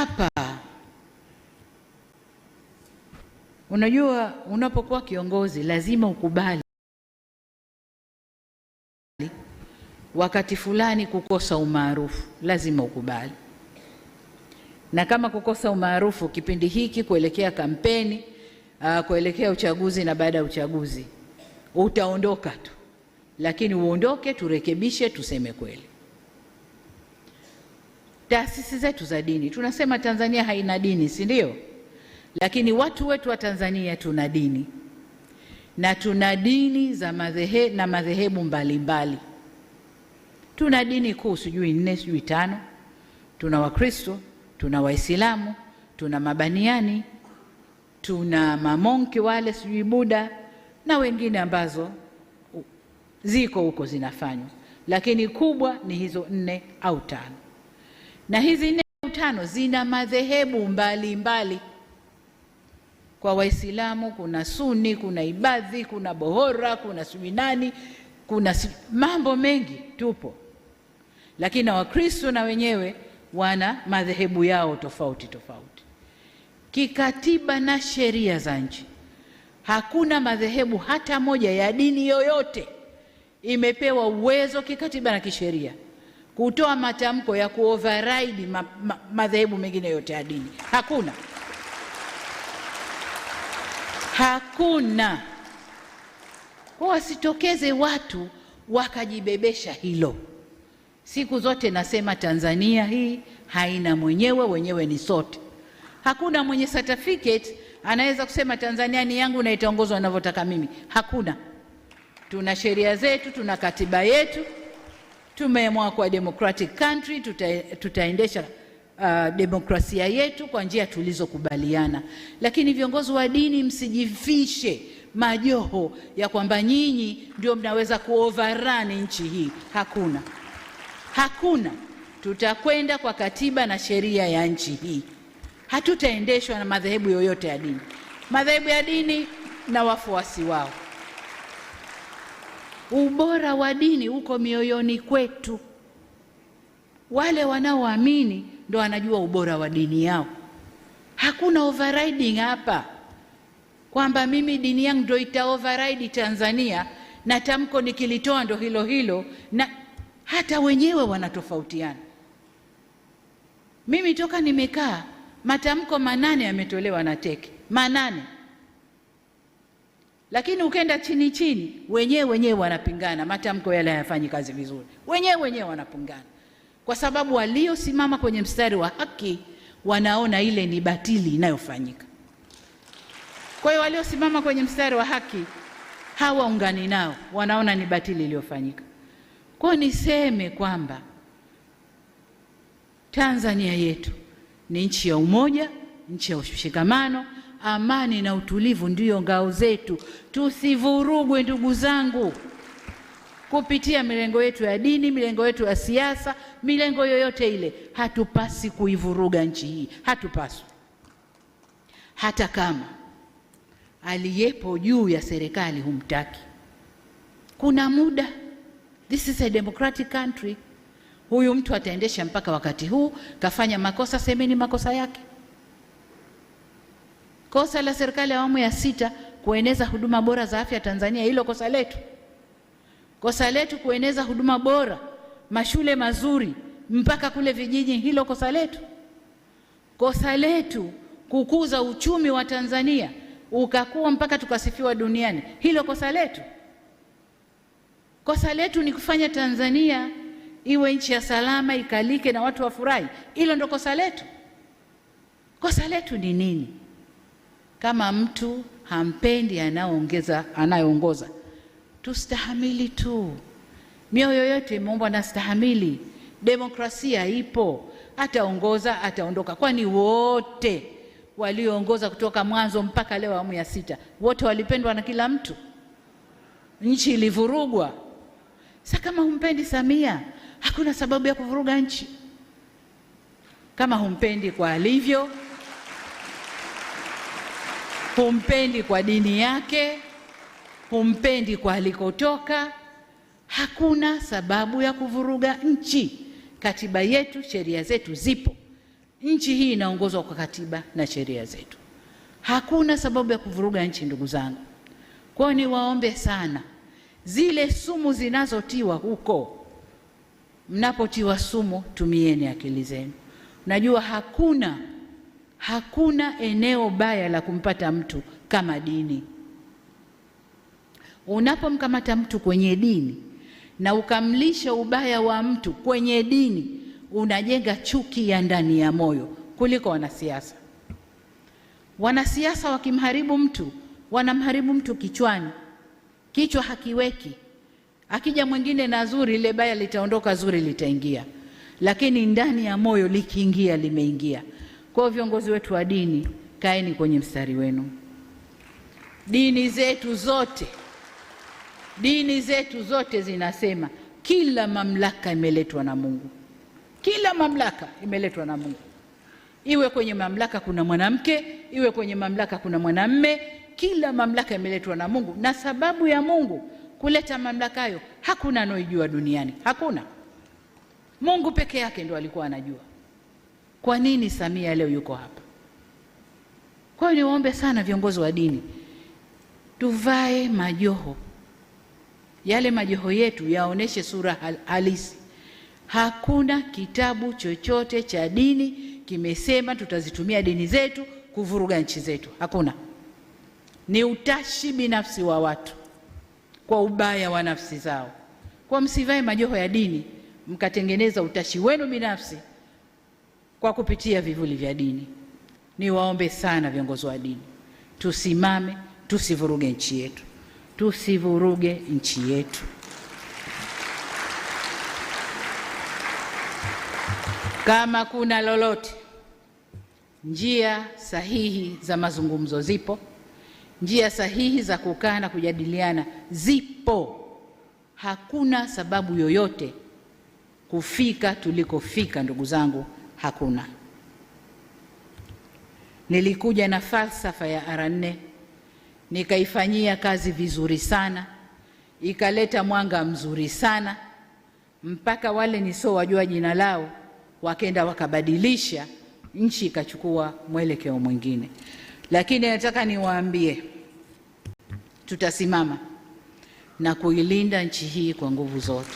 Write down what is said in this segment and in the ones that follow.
hapa. Unajua, unapokuwa kiongozi lazima ukubali wakati fulani kukosa umaarufu, lazima ukubali. Na kama kukosa umaarufu kipindi hiki kuelekea kampeni, uh, kuelekea uchaguzi na baada ya uchaguzi, utaondoka tu, lakini uondoke, turekebishe, tuseme kweli taasisi zetu za dini. Tunasema Tanzania haina dini, si ndio? Lakini watu wetu wa Tanzania tuna dini na tuna dini za madhehe, na madhehebu mbalimbali. Tuna dini kuu sijui nne sijui tano. Tuna Wakristo, tuna Waislamu, tuna mabaniani, tuna mamonki wale sijui Buda na wengine ambazo ziko huko zinafanywa, lakini kubwa ni hizo nne au tano na hizi nne tano zina madhehebu mbalimbali mbali. Kwa Waislamu kuna Suni, kuna Ibadhi, kuna Bohora, kuna Subinani, kuna mambo mengi tupo, lakini na Wakristo na wenyewe wana madhehebu yao tofauti tofauti. Kikatiba na sheria za nchi, hakuna madhehebu hata moja ya dini yoyote imepewa uwezo kikatiba na kisheria kutoa matamko ya kuoverride ma, ma, madhehebu mengine yote ya dini. Hakuna, hakuna. Kwa wasitokeze watu wakajibebesha hilo. Siku zote nasema Tanzania hii haina mwenyewe, wenyewe ni sote. Hakuna mwenye certificate anaweza kusema Tanzania ni yangu na itaongozwa ninavyotaka mimi. Hakuna. Tuna sheria zetu, tuna katiba yetu tumeamua kuwa democratic country, tuta, tutaendesha uh, demokrasia yetu kwa njia tulizokubaliana. Lakini viongozi wa dini msijivishe majoho ya kwamba nyinyi ndio mnaweza kuoverrun nchi hii. Hakuna, hakuna. Tutakwenda kwa katiba na sheria ya nchi hii, hatutaendeshwa na madhehebu yoyote ya dini, madhehebu ya dini na wafuasi wao. Ubora wa dini uko mioyoni kwetu. Wale wanaoamini ndo wanajua ubora wa dini yao. Hakuna overriding hapa kwamba mimi dini yangu ndo ita override Tanzania na tamko nikilitoa ndo hilo hilo, na hata wenyewe wanatofautiana. Mimi toka nimekaa matamko manane yametolewa na teki manane. Lakini ukenda chini chini, wenyewe wenyewe wanapingana, matamko yale hayafanyi kazi vizuri, wenyewe wenyewe wanapingana, kwa sababu waliosimama kwenye mstari wa haki wanaona ile ni batili inayofanyika. Kwa hiyo waliosimama kwenye mstari wa haki hawaungani nao, wanaona ni batili iliyofanyika. Kwa hiyo niseme kwamba Tanzania yetu ni nchi ya umoja, nchi ya ushikamano amani na utulivu ndiyo ngao zetu. Tusivurugwe ndugu zangu, kupitia milengo yetu ya dini, milengo yetu ya siasa, milengo yoyote ile. Hatupasi kuivuruga nchi hii, hatupaswi. Hata kama aliyepo juu ya serikali humtaki, kuna muda. This is a democratic country. Huyu mtu ataendesha mpaka wakati huu. Kafanya makosa, semeni makosa yake. Kosa la serikali ya awamu ya sita kueneza huduma bora za afya Tanzania, hilo kosa letu. Kosa letu kueneza huduma bora, mashule mazuri mpaka kule vijiji, hilo kosa letu. Kosa letu kukuza uchumi wa Tanzania ukakuwa mpaka tukasifiwa duniani, hilo kosa letu. Kosa letu ni kufanya Tanzania iwe nchi ya salama, ikalike na watu wafurahi, hilo ndo kosa letu. Kosa letu ni nini? Kama mtu hampendi anaongeza anayeongoza, tustahamili tu. Mioyo yote imeumbwa na stahamili. Demokrasia ipo, ataongoza ataondoka. Kwani wote walioongoza kutoka mwanzo mpaka leo awamu ya sita, wote walipendwa na kila mtu? Nchi ilivurugwa. Sa kama humpendi Samia, hakuna sababu ya kuvuruga nchi. Kama humpendi kwa alivyo humpendi kwa dini yake, humpendi kwa alikotoka. Hakuna sababu ya kuvuruga nchi. Katiba yetu, sheria zetu zipo. Nchi hii inaongozwa kwa katiba na sheria zetu. Hakuna sababu ya kuvuruga nchi, ndugu zangu. Kwa hiyo niwaombe sana, zile sumu zinazotiwa huko, mnapotiwa sumu, tumieni akili zenu. Najua hakuna Hakuna eneo baya la kumpata mtu kama dini. Unapomkamata mtu kwenye dini na ukamlisha ubaya wa mtu kwenye dini, unajenga chuki ya ndani ya moyo kuliko wanasiasa. Wanasiasa wakimharibu mtu, wanamharibu mtu kichwani, kichwa hakiweki. Akija mwingine na zuri, ile baya litaondoka, zuri litaingia, lakini ndani ya moyo likiingia, limeingia. Kwa viongozi wetu wa dini, kaeni kwenye mstari wenu. Dini zetu zote, dini zetu zote zinasema kila mamlaka imeletwa na Mungu, kila mamlaka imeletwa na Mungu. Iwe kwenye mamlaka kuna mwanamke, iwe kwenye mamlaka kuna mwanamme, kila mamlaka imeletwa na Mungu, na sababu ya Mungu kuleta mamlaka hayo hakuna anaijua duniani, hakuna. Mungu peke yake ndo alikuwa anajua. Kwa nini Samia leo yuko hapa? Kwa hiyo niwaombe sana viongozi wa dini tuvae majoho yale, majoho yetu yaoneshe sura hal halisi. Hakuna kitabu chochote cha dini kimesema tutazitumia dini zetu kuvuruga nchi zetu, hakuna. Ni utashi binafsi wa watu kwa ubaya wa nafsi zao. Kwa msivae majoho ya dini mkatengeneza utashi wenu binafsi kwa kupitia vivuli vya dini. Niwaombe sana viongozi wa dini, tusimame, tusivuruge nchi yetu, tusivuruge nchi yetu. Kama kuna lolote, njia sahihi za mazungumzo zipo, njia sahihi za kukaa na kujadiliana zipo. Hakuna sababu yoyote kufika tulikofika, ndugu zangu hakuna. Nilikuja na falsafa ya R nne nikaifanyia kazi vizuri sana, ikaleta mwanga mzuri sana mpaka wale nisiowajua jina lao wakenda wakabadilisha, nchi ikachukua mwelekeo mwingine. Lakini nataka niwaambie, tutasimama na kuilinda nchi hii kwa nguvu zote.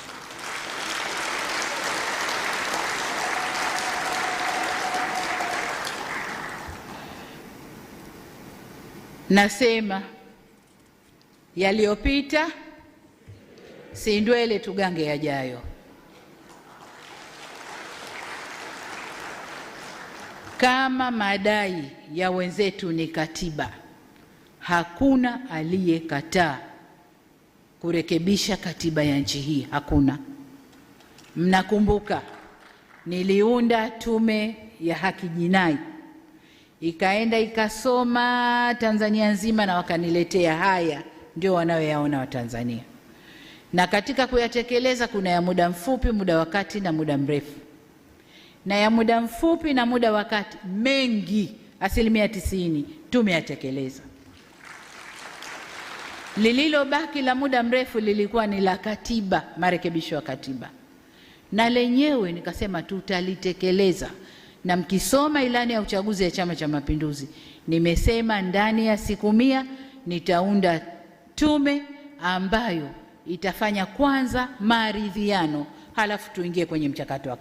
Nasema yaliyopita si ndwele, tugange yajayo. Kama madai ya wenzetu ni katiba, hakuna aliyekataa kurekebisha katiba ya nchi hii, hakuna. Mnakumbuka niliunda tume ya haki jinai ikaenda ikasoma Tanzania nzima na wakaniletea. Haya ndio wanayoyaona Watanzania, na katika kuyatekeleza kuna ya muda mfupi, muda wa kati na muda mrefu. Na ya muda mfupi na muda wa kati, mengi, asilimia tisini tumeyatekeleza. Lililobaki la muda mrefu lilikuwa ni la katiba, marekebisho ya katiba, na lenyewe nikasema tutalitekeleza na mkisoma ilani ya uchaguzi ya Chama cha Mapinduzi, nimesema ndani ya siku mia nitaunda tume ambayo itafanya kwanza maridhiano, halafu tuingie kwenye mchakato wa